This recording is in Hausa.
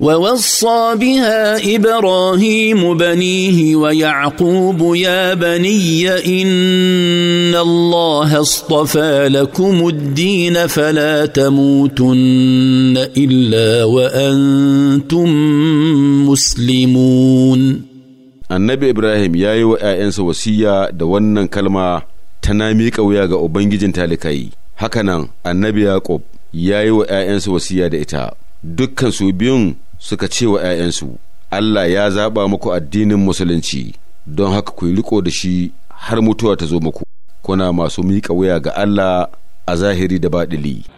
ووصى بها ابراهيم بنيه ويعقوب يا بني ان الله اصطفى لكم الدين فلا تموتن الا وانتم مسلمون annabi ibrahim ya yi wa 'ya'yansa wasiya da wannan kalma ta na miƙa wuya ga ubangijin talikai hakanan annabi yaƙob ya yi wa 'ya'yansa wasiya da ita dukkan su biyun suka ce wa ‘ya'yansu, Allah ya zaɓa muku addinin musulunci, don haka ku yi riko da shi har mutuwa ta zo muku, kuna masu miƙa wuya ga Allah a zahiri da baɗili.